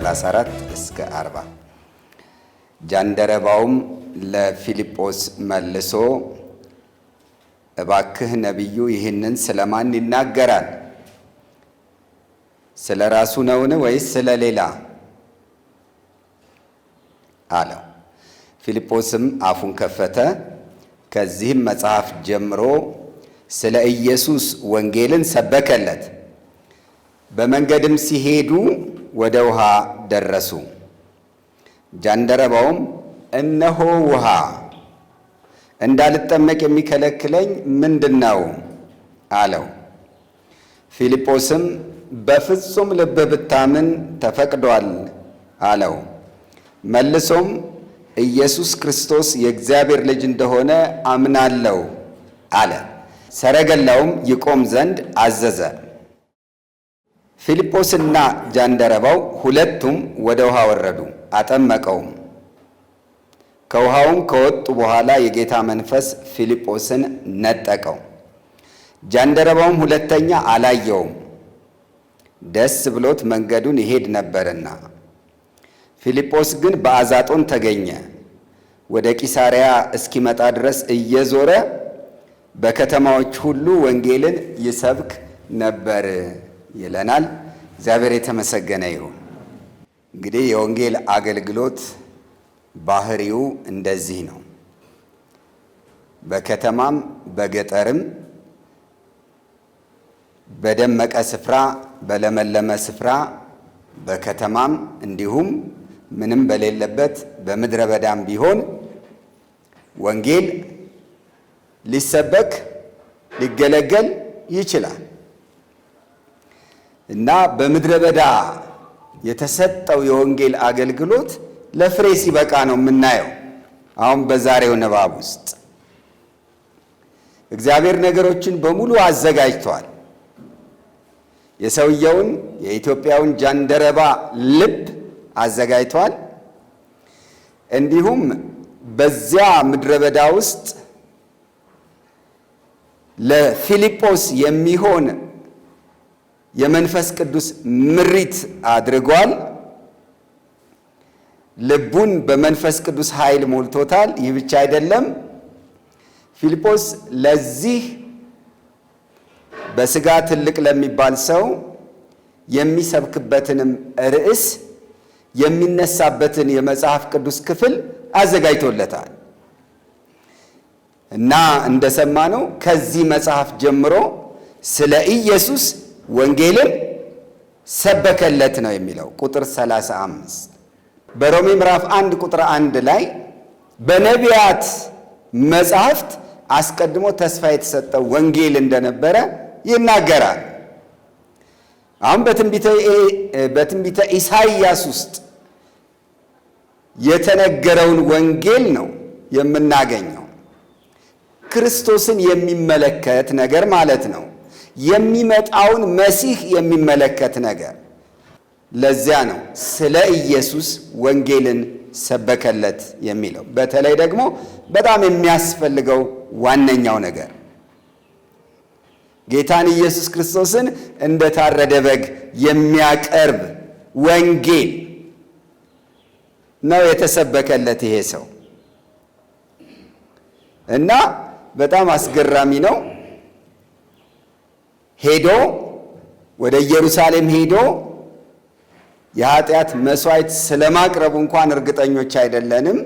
34 እስከ 40 ጃንደረባውም ለፊልጶስ መልሶ እባክህ ነቢዩ ይህንን ስለማን ይናገራል? ስለ ራሱ ነውን ወይስ ስለ ሌላ አለው። ፊልጶስም አፉን ከፈተ። ከዚህም መጽሐፍ ጀምሮ ስለ ኢየሱስ ወንጌልን ሰበከለት። በመንገድም ሲሄዱ ወደ ውሃ ደረሱ። ጃንደረባውም እነሆ ውሃ፣ እንዳልጠመቅ የሚከለክለኝ ምንድን ነው አለው። ፊልጶስም በፍጹም ልብ ብታምን ተፈቅዷል አለው። መልሶም ኢየሱስ ክርስቶስ የእግዚአብሔር ልጅ እንደሆነ አምናለሁ አለ። ሰረገላውም ይቆም ዘንድ አዘዘ። ፊልጶስና ጃንደረባው ሁለቱም ወደ ውሃ ወረዱ፣ አጠመቀውም። ከውሃውም ከወጡ በኋላ የጌታ መንፈስ ፊልጶስን ነጠቀው። ጃንደረባውም ሁለተኛ አላየውም፣ ደስ ብሎት መንገዱን ይሄድ ነበርና። ፊልጶስ ግን በአዛጦን ተገኘ። ወደ ቂሳሪያ እስኪመጣ ድረስ እየዞረ በከተማዎች ሁሉ ወንጌልን ይሰብክ ነበር። ይለናል። እግዚአብሔር የተመሰገነ ይሁን። እንግዲህ የወንጌል አገልግሎት ባህሪው እንደዚህ ነው። በከተማም በገጠርም በደመቀ ስፍራ በለመለመ ስፍራ በከተማም እንዲሁም ምንም በሌለበት በምድረ በዳም ቢሆን ወንጌል ሊሰበክ ሊገለገል ይችላል። እና በምድረ በዳ የተሰጠው የወንጌል አገልግሎት ለፍሬ ሲበቃ ነው የምናየው። አሁን በዛሬው ንባብ ውስጥ እግዚአብሔር ነገሮችን በሙሉ አዘጋጅቷል። የሰውየውን የኢትዮጵያውን ጃንደረባ ልብ አዘጋጅቷል። እንዲሁም በዚያ ምድረ በዳ ውስጥ ለፊልጶስ የሚሆን የመንፈስ ቅዱስ ምሪት አድርጓል። ልቡን በመንፈስ ቅዱስ ኃይል ሞልቶታል። ይህ ብቻ አይደለም። ፊልጶስ ለዚህ በስጋ ትልቅ ለሚባል ሰው የሚሰብክበትንም ርዕስ የሚነሳበትን የመጽሐፍ ቅዱስ ክፍል አዘጋጅቶለታል እና እንደሰማነው ከዚህ መጽሐፍ ጀምሮ ስለ ኢየሱስ ወንጌልን ሰበከለት ነው የሚለው ቁጥር 35 በሮሜ ምዕራፍ 1 ቁጥር 1 ላይ በነቢያት መጻሕፍት አስቀድሞ ተስፋ የተሰጠው ወንጌል እንደነበረ ይናገራል። አሁን በትንቢተ ኢሳይያስ ውስጥ የተነገረውን ወንጌል ነው የምናገኘው። ክርስቶስን የሚመለከት ነገር ማለት ነው። የሚመጣውን መሲህ የሚመለከት ነገር። ለዚያ ነው ስለ ኢየሱስ ወንጌልን ሰበከለት የሚለው። በተለይ ደግሞ በጣም የሚያስፈልገው ዋነኛው ነገር ጌታን ኢየሱስ ክርስቶስን እንደ ታረደ በግ የሚያቀርብ ወንጌል ነው የተሰበከለት ይሄ ሰው እና በጣም አስገራሚ ነው። ሄዶ ወደ ኢየሩሳሌም ሄዶ የኃጢአት መስዋዕት ስለማቅረቡ እንኳን እርግጠኞች አይደለንም።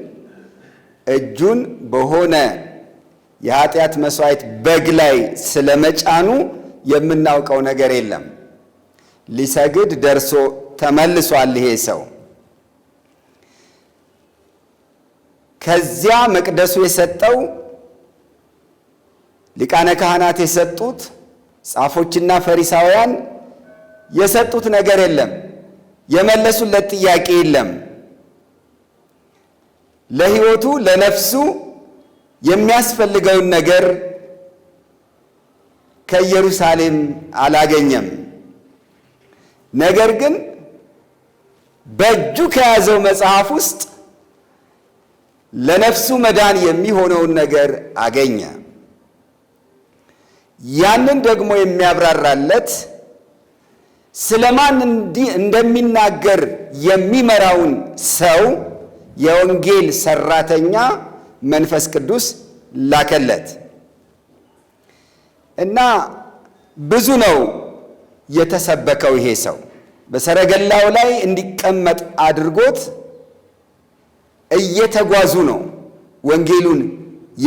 እጁን በሆነ የኃጢአት መስዋዕት በግ ላይ ስለመጫኑ የምናውቀው ነገር የለም። ሊሰግድ ደርሶ ተመልሷል ይሄ ሰው። ከዚያ መቅደሱ የሰጠው ሊቃነ ካህናት የሰጡት ጻፎችና ፈሪሳውያን የሰጡት ነገር የለም፣ የመለሱለት ጥያቄ የለም። ለሕይወቱ ለነፍሱ የሚያስፈልገውን ነገር ከኢየሩሳሌም አላገኘም። ነገር ግን በእጁ ከያዘው መጽሐፍ ውስጥ ለነፍሱ መዳን የሚሆነውን ነገር አገኘ። ያንን ደግሞ የሚያብራራለት ስለማን እንዲህ እንደሚናገር የሚመራውን ሰው የወንጌል ሰራተኛ መንፈስ ቅዱስ ላከለት እና ብዙ ነው የተሰበከው። ይሄ ሰው በሰረገላው ላይ እንዲቀመጥ አድርጎት እየተጓዙ ነው ወንጌሉን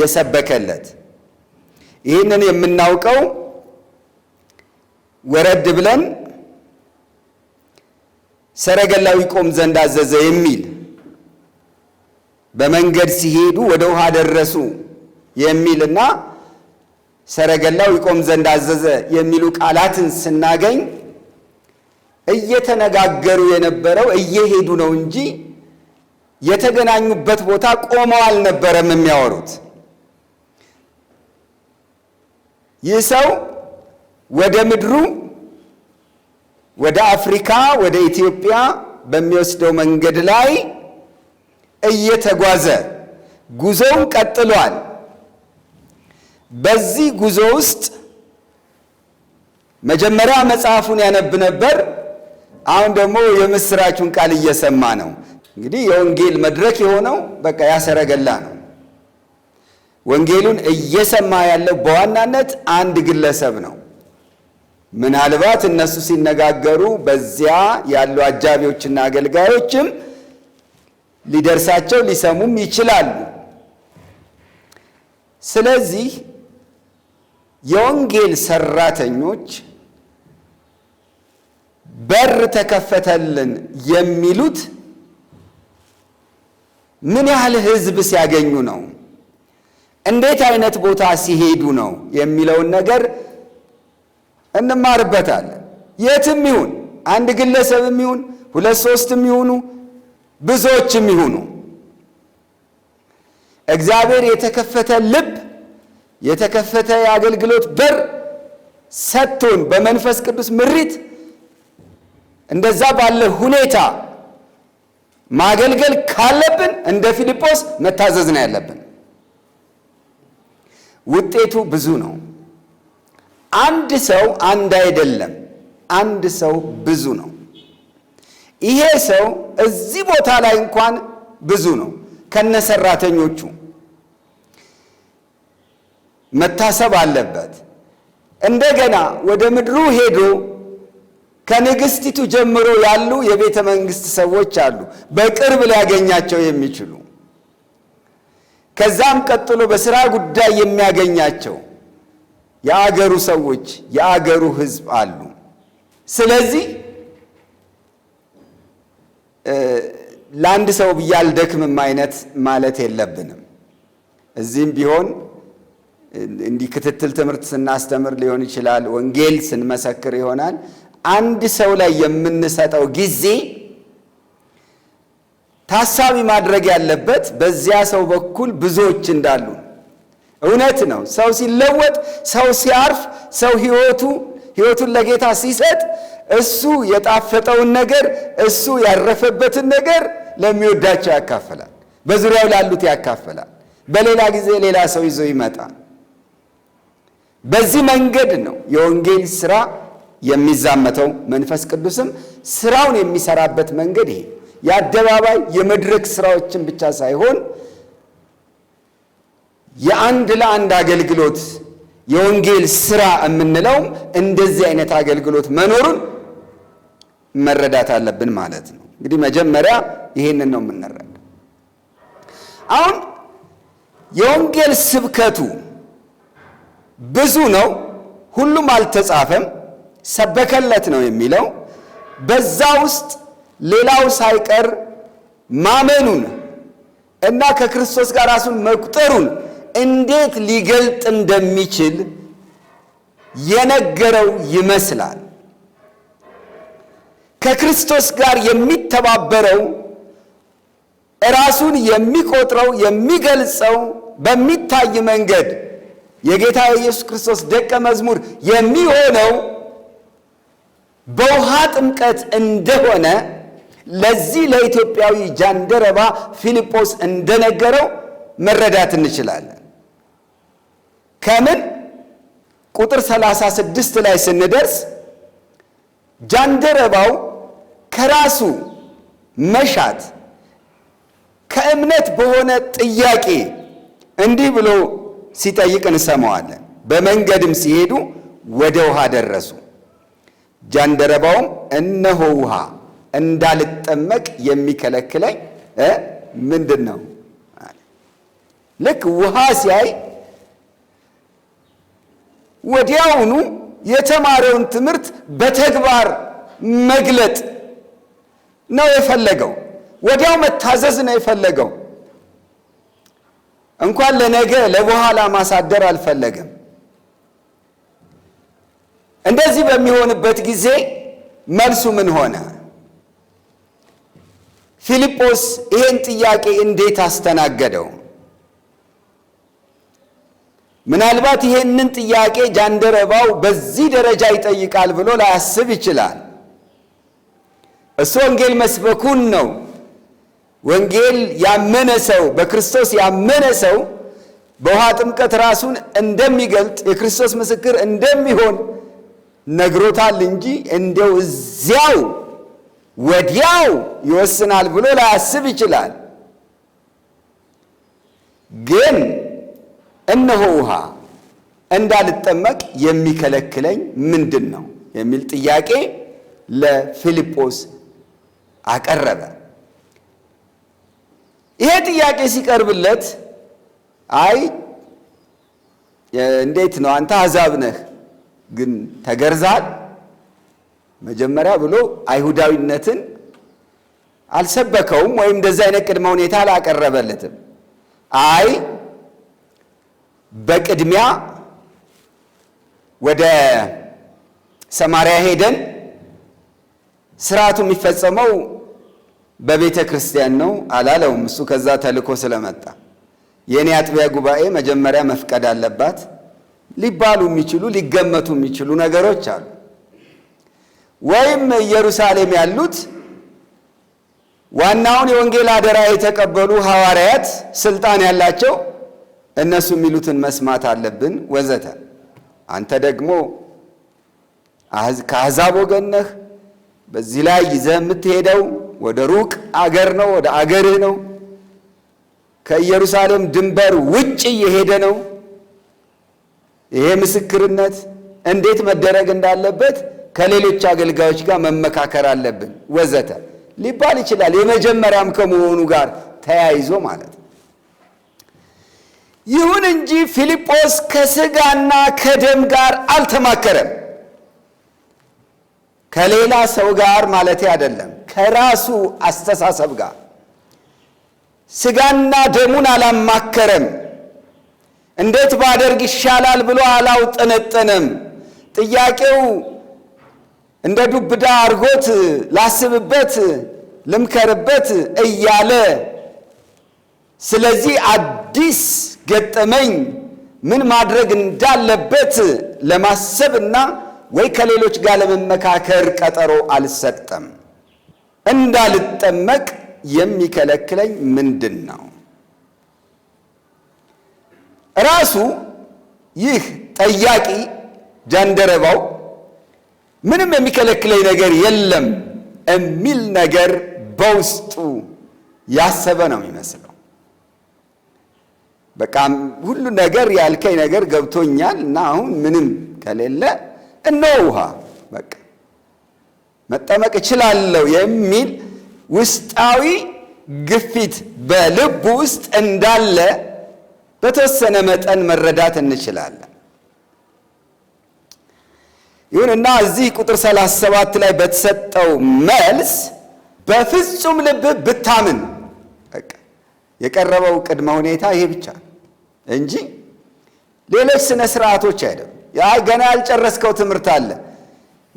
የሰበከለት። ይህንን የምናውቀው ወረድ ብለን ሰረገላው ይቆም ዘንድ አዘዘ የሚል በመንገድ ሲሄዱ ወደ ውሃ ደረሱ የሚልና ሰረገላው ይቆም ዘንድ አዘዘ የሚሉ ቃላትን ስናገኝ እየተነጋገሩ የነበረው እየሄዱ ነው እንጂ የተገናኙበት ቦታ ቆመው አልነበረም የሚያወሩት። ይህ ሰው ወደ ምድሩ ወደ አፍሪካ ወደ ኢትዮጵያ በሚወስደው መንገድ ላይ እየተጓዘ ጉዞውን ቀጥሏል። በዚህ ጉዞ ውስጥ መጀመሪያ መጽሐፉን ያነብ ነበር። አሁን ደግሞ የምስራቹን ቃል እየሰማ ነው። እንግዲህ የወንጌል መድረክ የሆነው በቃ ያሰረገላ ነው። ወንጌሉን እየሰማ ያለው በዋናነት አንድ ግለሰብ ነው። ምናልባት እነሱ ሲነጋገሩ በዚያ ያሉ አጃቢዎችና አገልጋዮችም ሊደርሳቸው ሊሰሙም ይችላሉ። ስለዚህ የወንጌል ሰራተኞች በር ተከፈተልን የሚሉት ምን ያህል ሕዝብ ሲያገኙ ነው? እንዴት አይነት ቦታ ሲሄዱ ነው የሚለውን ነገር እንማርበታለን። የትም ይሁን አንድ ግለሰብም ይሁን ሁለት ሶስትም ይሁኑ ብዙዎችም ይሁኑ እግዚአብሔር የተከፈተ ልብ የተከፈተ የአገልግሎት በር ሰጥቶን በመንፈስ ቅዱስ ምሪት እንደዛ ባለ ሁኔታ ማገልገል ካለብን እንደ ፊልጶስ መታዘዝ ነው ያለብን። ውጤቱ ብዙ ነው። አንድ ሰው አንድ አይደለም፣ አንድ ሰው ብዙ ነው። ይሄ ሰው እዚህ ቦታ ላይ እንኳን ብዙ ነው። ከነሰራተኞቹ መታሰብ አለበት። እንደገና ወደ ምድሩ ሄዶ ከንግስቲቱ ጀምሮ ያሉ የቤተ መንግስት ሰዎች አሉ፣ በቅርብ ሊያገኛቸው የሚችሉ ከዛም ቀጥሎ በስራ ጉዳይ የሚያገኛቸው የአገሩ ሰዎች የአገሩ ህዝብ አሉ። ስለዚህ ለአንድ ሰው ብዬ አልደክምም አይነት ማለት የለብንም። እዚህም ቢሆን እንዲህ ክትትል ትምህርት ስናስተምር ሊሆን ይችላል፣ ወንጌል ስንመሰክር ይሆናል። አንድ ሰው ላይ የምንሰጠው ጊዜ ታሳቢ ማድረግ ያለበት በዚያ ሰው በኩል ብዙዎች እንዳሉ እውነት ነው። ሰው ሲለወጥ፣ ሰው ሲያርፍ፣ ሰው ህይወቱ ህይወቱን ለጌታ ሲሰጥ እሱ የጣፈጠውን ነገር እሱ ያረፈበትን ነገር ለሚወዳቸው ያካፈላል፣ በዙሪያው ላሉት ያካፈላል። በሌላ ጊዜ ሌላ ሰው ይዞ ይመጣል። በዚህ መንገድ ነው የወንጌል ስራ የሚዛመተው። መንፈስ ቅዱስም ስራውን የሚሰራበት መንገድ ይሄ የአደባባይ የመድረክ ስራዎችን ብቻ ሳይሆን የአንድ ለአንድ አገልግሎት የወንጌል ስራ የምንለውም እንደዚህ አይነት አገልግሎት መኖሩን መረዳት አለብን ማለት ነው። እንግዲህ መጀመሪያ ይሄንን ነው የምንረዳ። አሁን የወንጌል ስብከቱ ብዙ ነው፣ ሁሉም አልተጻፈም፣ ሰበከለት ነው የሚለው በዛ ውስጥ ሌላው ሳይቀር ማመኑን እና ከክርስቶስ ጋር ራሱን መቁጠሩን እንዴት ሊገልጥ እንደሚችል የነገረው ይመስላል። ከክርስቶስ ጋር የሚተባበረው ራሱን የሚቆጥረው የሚገልጸው በሚታይ መንገድ የጌታ የኢየሱስ ክርስቶስ ደቀ መዝሙር የሚሆነው በውሃ ጥምቀት እንደሆነ ለዚህ ለኢትዮጵያዊ ጃንደረባ ፊልጶስ እንደነገረው መረዳት እንችላለን። ከምን ቁጥር 36 ላይ ስንደርስ ጃንደረባው ከራሱ መሻት ከእምነት በሆነ ጥያቄ እንዲህ ብሎ ሲጠይቅ እንሰማዋለን። በመንገድም ሲሄዱ ወደ ውሃ ደረሱ። ጃንደረባውም እነሆ ውሃ እንዳልጠመቅ የሚከለክለኝ ምንድን ነው? ልክ ውሃ ሲያይ ወዲያውኑ የተማረውን ትምህርት በተግባር መግለጥ ነው የፈለገው። ወዲያው መታዘዝ ነው የፈለገው። እንኳን ለነገ ለበኋላ ማሳደር አልፈለገም። እንደዚህ በሚሆንበት ጊዜ መልሱ ምን ሆነ? ፊልጶስ ይሄን ጥያቄ እንዴት አስተናገደው? ምናልባት ይሄንን ጥያቄ ጃንደረባው በዚህ ደረጃ ይጠይቃል ብሎ ላያስብ ይችላል። እሱ ወንጌል መስበኩን ነው። ወንጌል ያመነ ሰው በክርስቶስ ያመነ ሰው በውሃ ጥምቀት ራሱን እንደሚገልጥ የክርስቶስ ምስክር እንደሚሆን ነግሮታል እንጂ እንዲያው እዚያው ወዲያው ይወስናል ብሎ ላያስብ ይችላል። ግን እነሆ ውሃ እንዳልጠመቅ የሚከለክለኝ ምንድን ነው የሚል ጥያቄ ለፊልጶስ አቀረበ። ይሄ ጥያቄ ሲቀርብለት አይ እንዴት ነው አንተ አሕዛብ ነህ፣ ግን ተገርዛል መጀመሪያ ብሎ አይሁዳዊነትን አልሰበከውም ወይም እንደዚ አይነት ቅድመ ሁኔታ አላቀረበለትም። አይ በቅድሚያ ወደ ሰማሪያ ሄደን ስርዓቱ የሚፈጸመው በቤተ ክርስቲያን ነው አላለውም። እሱ ከዛ ተልኮ ስለመጣ የእኔ አጥቢያ ጉባኤ መጀመሪያ መፍቀድ አለባት ሊባሉ የሚችሉ ሊገመቱ የሚችሉ ነገሮች አሉ። ወይም ኢየሩሳሌም ያሉት ዋናውን የወንጌል አደራ የተቀበሉ ሐዋርያት ስልጣን ያላቸው እነሱ የሚሉትን መስማት አለብን ወዘተ። አንተ ደግሞ ከአሕዛብ ወገን ነህ። በዚህ ላይ ይዘህ የምትሄደው ወደ ሩቅ አገር ነው፣ ወደ አገርህ ነው። ከኢየሩሳሌም ድንበር ውጭ እየሄደ ነው። ይሄ ምስክርነት እንዴት መደረግ እንዳለበት ከሌሎች አገልጋዮች ጋር መመካከር አለብን ወዘተ ሊባል ይችላል። የመጀመሪያም ከመሆኑ ጋር ተያይዞ ማለት ነው። ይሁን እንጂ ፊልጶስ ከስጋና ከደም ጋር አልተማከረም። ከሌላ ሰው ጋር ማለት አይደለም፣ ከራሱ አስተሳሰብ ጋር ስጋና ደሙን አላማከረም። እንዴት ባደርግ ይሻላል ብሎ አላውጠነጠነም። ጥያቄው እንደ ዱብዳ አድርጎት ላስብበት ልምከርበት እያለ ስለዚህ አዲስ ገጠመኝ ምን ማድረግ እንዳለበት ለማሰብና ወይ ከሌሎች ጋር ለመመካከር ቀጠሮ አልሰጠም። እንዳልጠመቅ የሚከለክለኝ ምንድን ነው? ራሱ ይህ ጠያቂ ጃንደረባው ምንም የሚከለክለኝ ነገር የለም የሚል ነገር በውስጡ ያሰበ ነው የሚመስለው። በቃ ሁሉ ነገር ያልከኝ ነገር ገብቶኛል እና አሁን ምንም ከሌለ እነሆ ውሃ በቃ መጠመቅ እችላለሁ የሚል ውስጣዊ ግፊት በልቡ ውስጥ እንዳለ በተወሰነ መጠን መረዳት እንችላለን። ይሁንና እዚህ ቁጥር 37 ላይ በተሰጠው መልስ በፍጹም ልብ ብታምን የቀረበው ቅድመ ሁኔታ ይሄ ብቻ እንጂ ሌሎች ስነ ስርዓቶች አይደሉም። ያ ገና ያልጨረስከው ትምህርት አለ።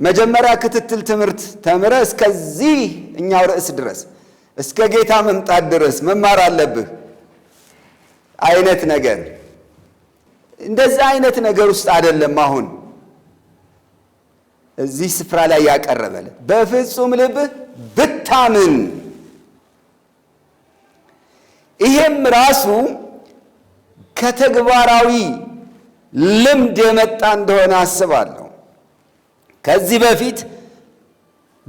መጀመሪያ ክትትል ትምህርት ተምረ እስከዚህ እኛው ርዕስ ድረስ እስከ ጌታ መምጣት ድረስ መማር አለብህ አይነት ነገር እንደዚህ አይነት ነገር ውስጥ አይደለም አሁን እዚህ ስፍራ ላይ ያቀረበልን በፍጹም ልብህ ብታምን። ይሄም ራሱ ከተግባራዊ ልምድ የመጣ እንደሆነ አስባለሁ። ከዚህ በፊት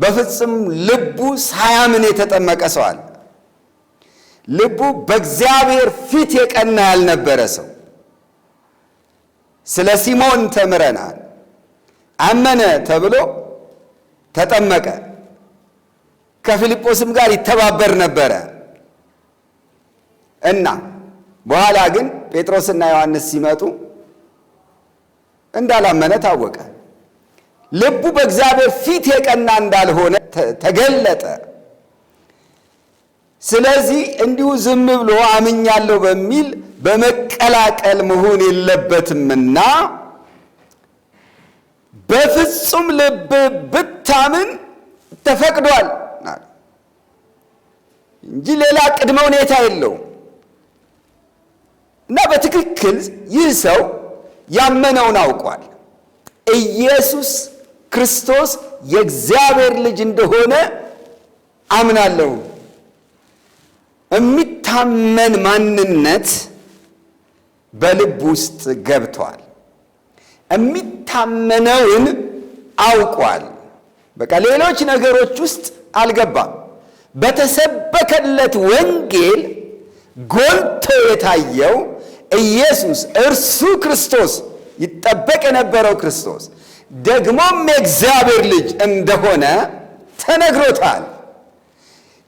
በፍጹም ልቡ ሳያምን የተጠመቀ ሰው አለ። ልቡ በእግዚአብሔር ፊት የቀና ያልነበረ ሰው ስለ ሲሞን ተምረናል። አመነ ተብሎ ተጠመቀ። ከፊልጶስም ጋር ይተባበር ነበረ እና በኋላ ግን ጴጥሮስና ዮሐንስ ሲመጡ እንዳላመነ ታወቀ። ልቡ በእግዚአብሔር ፊት የቀና እንዳልሆነ ተገለጠ። ስለዚህ እንዲሁ ዝም ብሎ አምኛለሁ በሚል በመቀላቀል መሆን የለበትምና በፍጹም ልብ ብታምን ተፈቅዷል እንጂ ሌላ ቅድመ ሁኔታ የለውም። እና በትክክል ይህ ሰው ያመነውን አውቋል። ኢየሱስ ክርስቶስ የእግዚአብሔር ልጅ እንደሆነ አምናለሁ። የሚታመን ማንነት በልብ ውስጥ ገብቷል። የሚታመነውን አውቋል። በቃ ሌሎች ነገሮች ውስጥ አልገባም። በተሰበከለት ወንጌል ጎልቶ የታየው ኢየሱስ እርሱ ክርስቶስ ይጠበቅ የነበረው ክርስቶስ ደግሞም የእግዚአብሔር ልጅ እንደሆነ ተነግሮታል።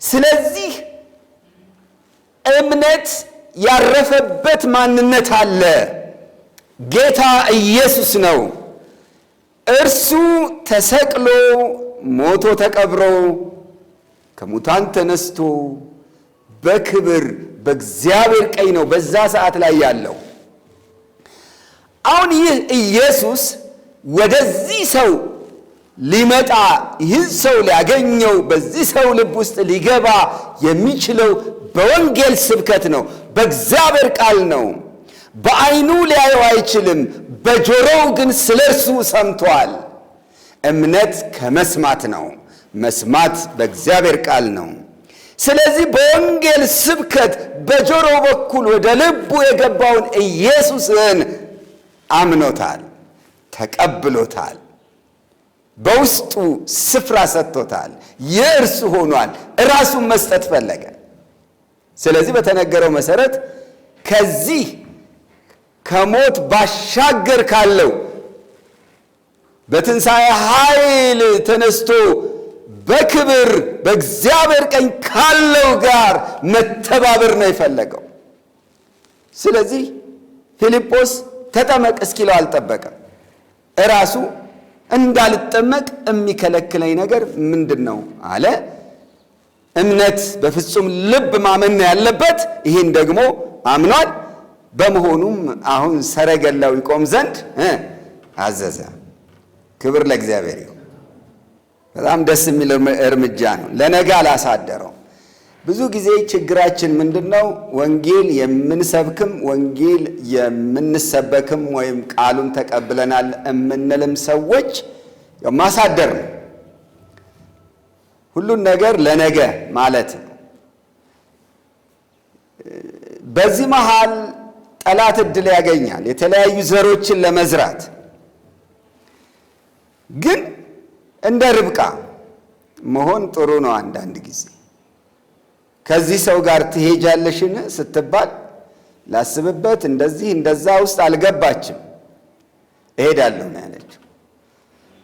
ስለዚህ እምነት ያረፈበት ማንነት አለ። ጌታ ኢየሱስ ነው። እርሱ ተሰቅሎ ሞቶ ተቀብሮ ከሙታን ተነስቶ በክብር በእግዚአብሔር ቀኝ ነው በዛ ሰዓት ላይ ያለው። አሁን ይህ ኢየሱስ ወደዚህ ሰው ሊመጣ ይህን ሰው ሊያገኘው በዚህ ሰው ልብ ውስጥ ሊገባ የሚችለው በወንጌል ስብከት ነው፣ በእግዚአብሔር ቃል ነው። በዓይኑ ሊያየው አይችልም፣ በጆሮው ግን ስለ እርሱ ሰምቷል። እምነት ከመስማት ነው፣ መስማት በእግዚአብሔር ቃል ነው። ስለዚህ በወንጌል ስብከት በጆሮ በኩል ወደ ልቡ የገባውን ኢየሱስን አምኖታል፣ ተቀብሎታል፣ በውስጡ ስፍራ ሰጥቶታል፣ የእርሱ ሆኗል፣ እራሱን መስጠት ፈለገ። ስለዚህ በተነገረው መሰረት ከዚህ ከሞት ባሻገር ካለው በትንሣኤ ኃይል ተነስቶ በክብር በእግዚአብሔር ቀኝ ካለው ጋር መተባበር ነው የፈለገው። ስለዚህ ፊልጶስ ተጠመቅ እስኪለው አልጠበቀም። እራሱ እንዳልጠመቅ የሚከለክለኝ ነገር ምንድን ነው አለ። እምነት በፍጹም ልብ ማመን ነው ያለበት። ይህን ደግሞ አምኗል። በመሆኑም አሁን ሰረገላው ይቆም ዘንድ አዘዘ። ክብር ለእግዚአብሔር ይሁን። በጣም ደስ የሚል እርምጃ ነው። ለነገ አላሳደረው። ብዙ ጊዜ ችግራችን ምንድን ነው? ወንጌል የምንሰብክም ወንጌል የምንሰበክም ወይም ቃሉን ተቀብለናል የምንልም ሰዎች ማሳደር ነው። ሁሉን ነገር ለነገ ማለት ነው። በዚህ መሃል ጠላት እድል ያገኛል የተለያዩ ዘሮችን ለመዝራት። ግን እንደ ርብቃ መሆን ጥሩ ነው። አንዳንድ ጊዜ ከዚህ ሰው ጋር ትሄጃለሽን ስትባል ላስብበት፣ እንደዚህ እንደዛ ውስጥ አልገባችም እሄዳለሁ ነው ያለችው።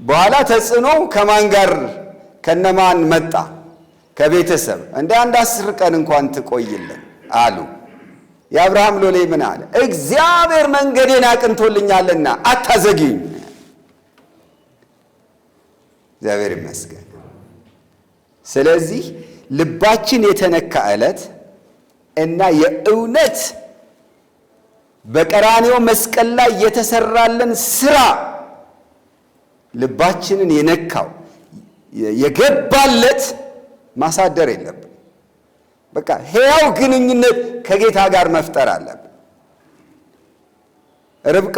በኋላ ተጽዕኖ ከማን ጋር ከነማን መጣ? ከቤተሰብ እንደ አንድ አስር ቀን እንኳን ትቆይልን አሉ። የአብርሃም ሎሌ ምን አለ? እግዚአብሔር መንገዴን አቅንቶልኛልና አታዘግኝ። እግዚአብሔር ይመስገን። ስለዚህ ልባችን የተነካ ዕለት እና የእውነት በቀራኔው መስቀል ላይ የተሰራለን ስራ ልባችንን የነካው የገባለት ማሳደር የለብን። በቃ ሕያው ግንኙነት ከጌታ ጋር መፍጠር አለብን። ርብቃ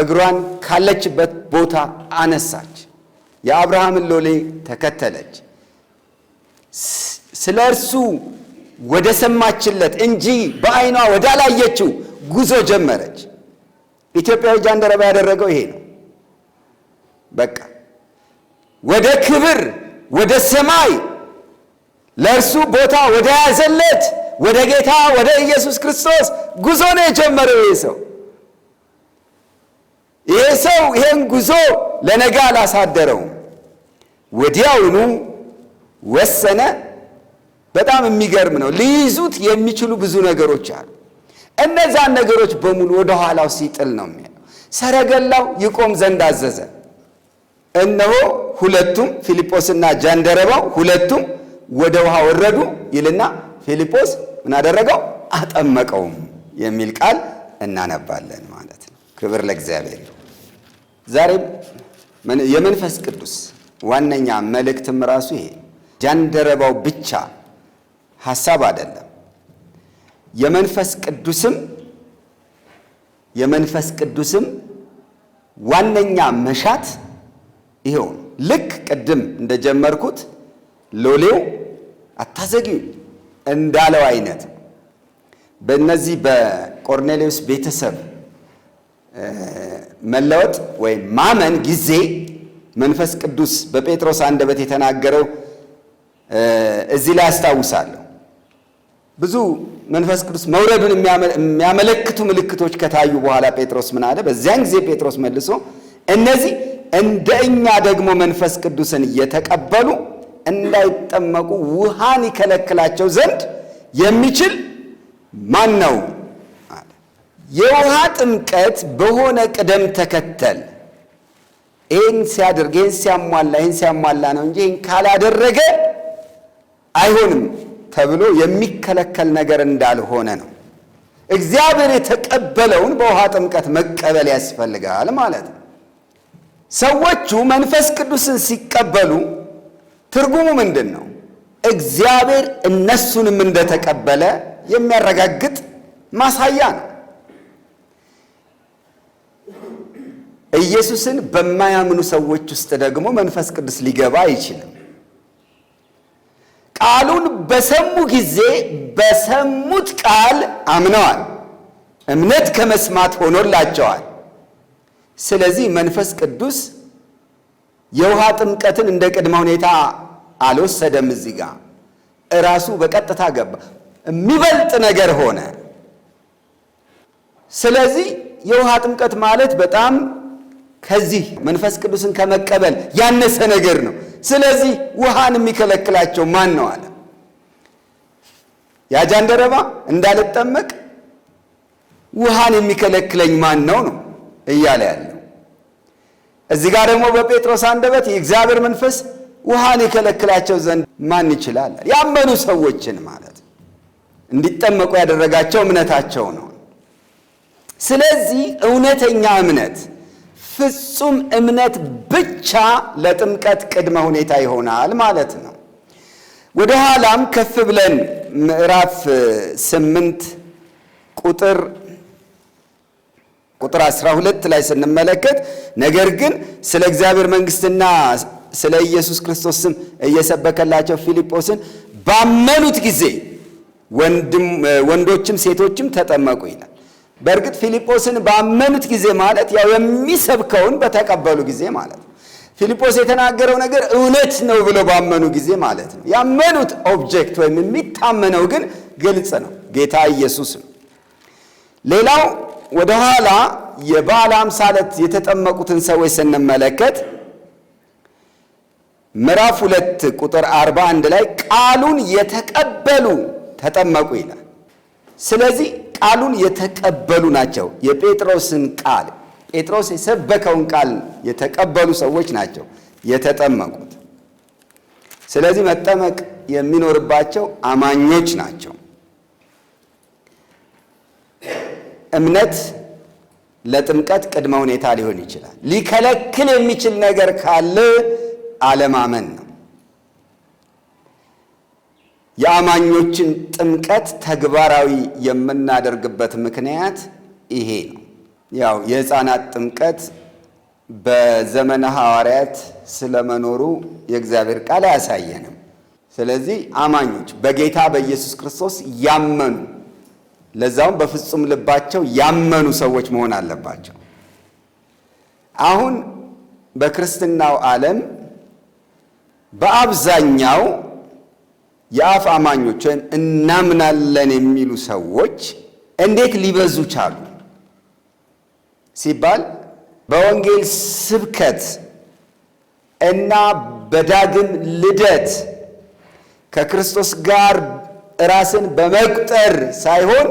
እግሯን ካለችበት ቦታ አነሳች፣ የአብርሃምን ሎሌ ተከተለች። ስለ እርሱ ወደ ሰማችለት እንጂ በዓይኗ ወዳላየችው ጉዞ ጀመረች። ኢትዮጵያዊ ጃንደረባ ያደረገው ይሄ ነው። በቃ ወደ ክብር ወደ ሰማይ ለእርሱ ቦታ ወደ ያዘለት ወደ ጌታ ወደ ኢየሱስ ክርስቶስ ጉዞ ነው የጀመረው። ይህ ሰው ይህ ሰው ይህን ጉዞ ለነገ አላሳደረውም። ወዲያውኑ ወሰነ። በጣም የሚገርም ነው። ሊይዙት የሚችሉ ብዙ ነገሮች አሉ። እነዛን ነገሮች በሙሉ ወደ ኋላው ሲጥል ነው የሚለው። ሰረገላው ይቆም ዘንድ አዘዘ። እነሆ ሁለቱም ፊልጶስና ጃንደረባው ሁለቱም ወደ ውሃ ወረዱ ይልና ፊልጶስ ምን አደረገው? አጠመቀውም የሚል ቃል እናነባለን ማለት ነው። ክብር ለእግዚአብሔር። ዛሬም የመንፈስ ቅዱስ ዋነኛ መልእክትም ራሱ ይሄ ጃንደረባው ብቻ ሐሳብ አይደለም። የመንፈስ ቅዱስም የመንፈስ ቅዱስም ዋነኛ መሻት ይሄው ልክ ቅድም እንደጀመርኩት ሎሌው አታዘጊው እንዳለው አይነት በእነዚህ በቆርኔሌዎስ ቤተሰብ መለወጥ ወይም ማመን ጊዜ መንፈስ ቅዱስ በጴጥሮስ አንደበት የተናገረው እዚህ ላይ አስታውሳለሁ። ብዙ መንፈስ ቅዱስ መውረዱን የሚያመለክቱ ምልክቶች ከታዩ በኋላ ጴጥሮስ ምን አለ? በዚያን ጊዜ ጴጥሮስ መልሶ እነዚህ እንደ እኛ ደግሞ መንፈስ ቅዱስን እየተቀበሉ እንዳይጠመቁ ውሃን ይከለክላቸው ዘንድ የሚችል ማን ነው? የውሃ ጥምቀት በሆነ ቅደም ተከተል ይህን ሲያደርግ ይህን ሲያሟላ ይህን ሲያሟላ ነው እንጂ ይህን ካላደረገ አይሆንም ተብሎ የሚከለከል ነገር እንዳልሆነ ነው። እግዚአብሔር የተቀበለውን በውሃ ጥምቀት መቀበል ያስፈልጋል ማለት ነው። ሰዎቹ መንፈስ ቅዱስን ሲቀበሉ ትርጉሙ ምንድን ነው? እግዚአብሔር እነሱንም እንደተቀበለ የሚያረጋግጥ ማሳያ ነው። ኢየሱስን በማያምኑ ሰዎች ውስጥ ደግሞ መንፈስ ቅዱስ ሊገባ አይችልም። ቃሉን በሰሙ ጊዜ በሰሙት ቃል አምነዋል። እምነት ከመስማት ሆኖላቸዋል። ስለዚህ መንፈስ ቅዱስ የውሃ ጥምቀትን እንደ ቅድመ ሁኔታ አልወሰደም። እዚህ ጋር እራሱ በቀጥታ ገባ፣ የሚበልጥ ነገር ሆነ። ስለዚህ የውሃ ጥምቀት ማለት በጣም ከዚህ መንፈስ ቅዱስን ከመቀበል ያነሰ ነገር ነው። ስለዚህ ውሃን የሚከለክላቸው ማን ነው አለ ያ ጃንደረባ እንዳልጠመቅ ውሃን የሚከለክለኝ ማን ነው ነው እያለ ያለው። እዚህ ጋር ደግሞ በጴጥሮስ አንደበት የእግዚአብሔር መንፈስ ውሃን ይከለክላቸው ዘንድ ማን ይችላል? ያመኑ ሰዎችን ማለት እንዲጠመቁ ያደረጋቸው እምነታቸው ነው። ስለዚህ እውነተኛ እምነት ፍጹም እምነት ብቻ ለጥምቀት ቅድመ ሁኔታ ይሆናል ማለት ነው። ወደ ኋላም ከፍ ብለን ምዕራፍ ስምንት ቁጥር ቁጥር 12 ላይ ስንመለከት ነገር ግን ስለ እግዚአብሔር መንግስትና? ስለ ኢየሱስ ክርስቶስ ስም እየሰበከላቸው ፊልጶስን ባመኑት ጊዜ ወንዶችም ሴቶችም ተጠመቁ ይላል። በእርግጥ ፊልጶስን ባመኑት ጊዜ ማለት ያው የሚሰብከውን በተቀበሉ ጊዜ ማለት ነው። ፊልጶስ የተናገረው ነገር እውነት ነው ብሎ ባመኑ ጊዜ ማለት ነው። ያመኑት ኦብጀክት ወይም የሚታመነው ግን ግልጽ ነው፣ ጌታ ኢየሱስ ነው። ሌላው ወደኋላ የበዓለ ሃምሳ ዕለት የተጠመቁትን ሰዎች ስንመለከት ምዕራፍ ሁለት ቁጥር 41 ላይ ቃሉን የተቀበሉ ተጠመቁ ይላል። ስለዚህ ቃሉን የተቀበሉ ናቸው። የጴጥሮስን ቃል ጴጥሮስ የሰበከውን ቃል የተቀበሉ ሰዎች ናቸው የተጠመቁት። ስለዚህ መጠመቅ የሚኖርባቸው አማኞች ናቸው። እምነት ለጥምቀት ቅድመ ሁኔታ ሊሆን ይችላል። ሊከለክል የሚችል ነገር ካለ አለማመን ነው። የአማኞችን ጥምቀት ተግባራዊ የምናደርግበት ምክንያት ይሄ ነው። ያው የሕፃናት ጥምቀት በዘመነ ሐዋርያት ስለመኖሩ የእግዚአብሔር ቃል አያሳየንም። ስለዚህ አማኞች በጌታ በኢየሱስ ክርስቶስ ያመኑ ለዛውም በፍጹም ልባቸው ያመኑ ሰዎች መሆን አለባቸው። አሁን በክርስትናው ዓለም በአብዛኛው የአፍ አማኞችን እናምናለን የሚሉ ሰዎች እንዴት ሊበዙ ቻሉ ሲባል በወንጌል ስብከት እና በዳግም ልደት ከክርስቶስ ጋር ራስን በመቁጠር ሳይሆን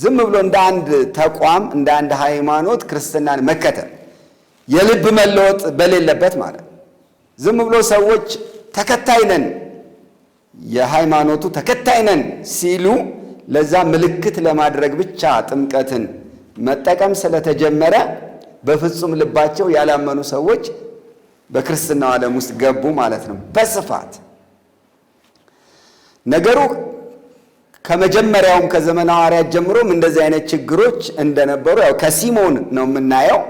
ዝም ብሎ እንደ አንድ ተቋም እንደ አንድ ሃይማኖት ክርስትናን መከተል የልብ መለወጥ በሌለበት ማለት ዝም ብሎ ሰዎች ተከታይ ነን የሃይማኖቱ ተከታይ ነን ሲሉ ለዛ ምልክት ለማድረግ ብቻ ጥምቀትን መጠቀም ስለተጀመረ በፍጹም ልባቸው ያላመኑ ሰዎች በክርስትናው ዓለም ውስጥ ገቡ ማለት ነው። በስፋት ነገሩ ከመጀመሪያውም ከዘመነ ሐዋርያት ጀምሮም እንደዚህ አይነት ችግሮች እንደነበሩ ያው ከሲሞን ነው የምናየው።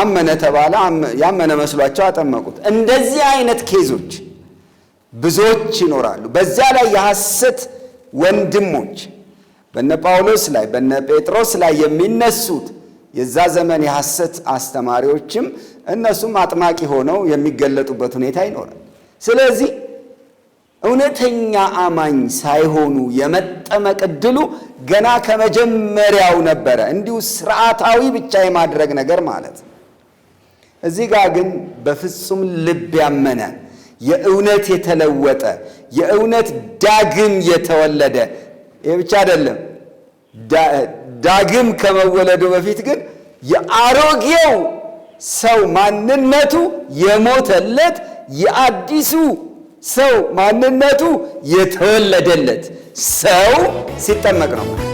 አመነ ተባለ፣ ያመነ መስሏቸው አጠመቁት። እንደዚህ አይነት ኬዞች ብዙዎች ይኖራሉ። በዚያ ላይ የሐሰት ወንድሞች በነ ጳውሎስ ላይ በነ ጴጥሮስ ላይ የሚነሱት የዛ ዘመን የሐሰት አስተማሪዎችም እነሱም አጥማቂ ሆነው የሚገለጡበት ሁኔታ ይኖራል። ስለዚህ እውነተኛ አማኝ ሳይሆኑ የመጠመቅ ዕድሉ ገና ከመጀመሪያው ነበረ። እንዲሁ ስርዓታዊ ብቻ የማድረግ ነገር ማለት ነው። እዚህ ጋር ግን በፍጹም ልብ ያመነ የእውነት የተለወጠ የእውነት ዳግም የተወለደ ይህ ብቻ አይደለም። ዳግም ከመወለዱ በፊት ግን የአሮጌው ሰው ማንነቱ የሞተለት የአዲሱ ሰው ማንነቱ የተወለደለት ሰው ሲጠመቅ ነው።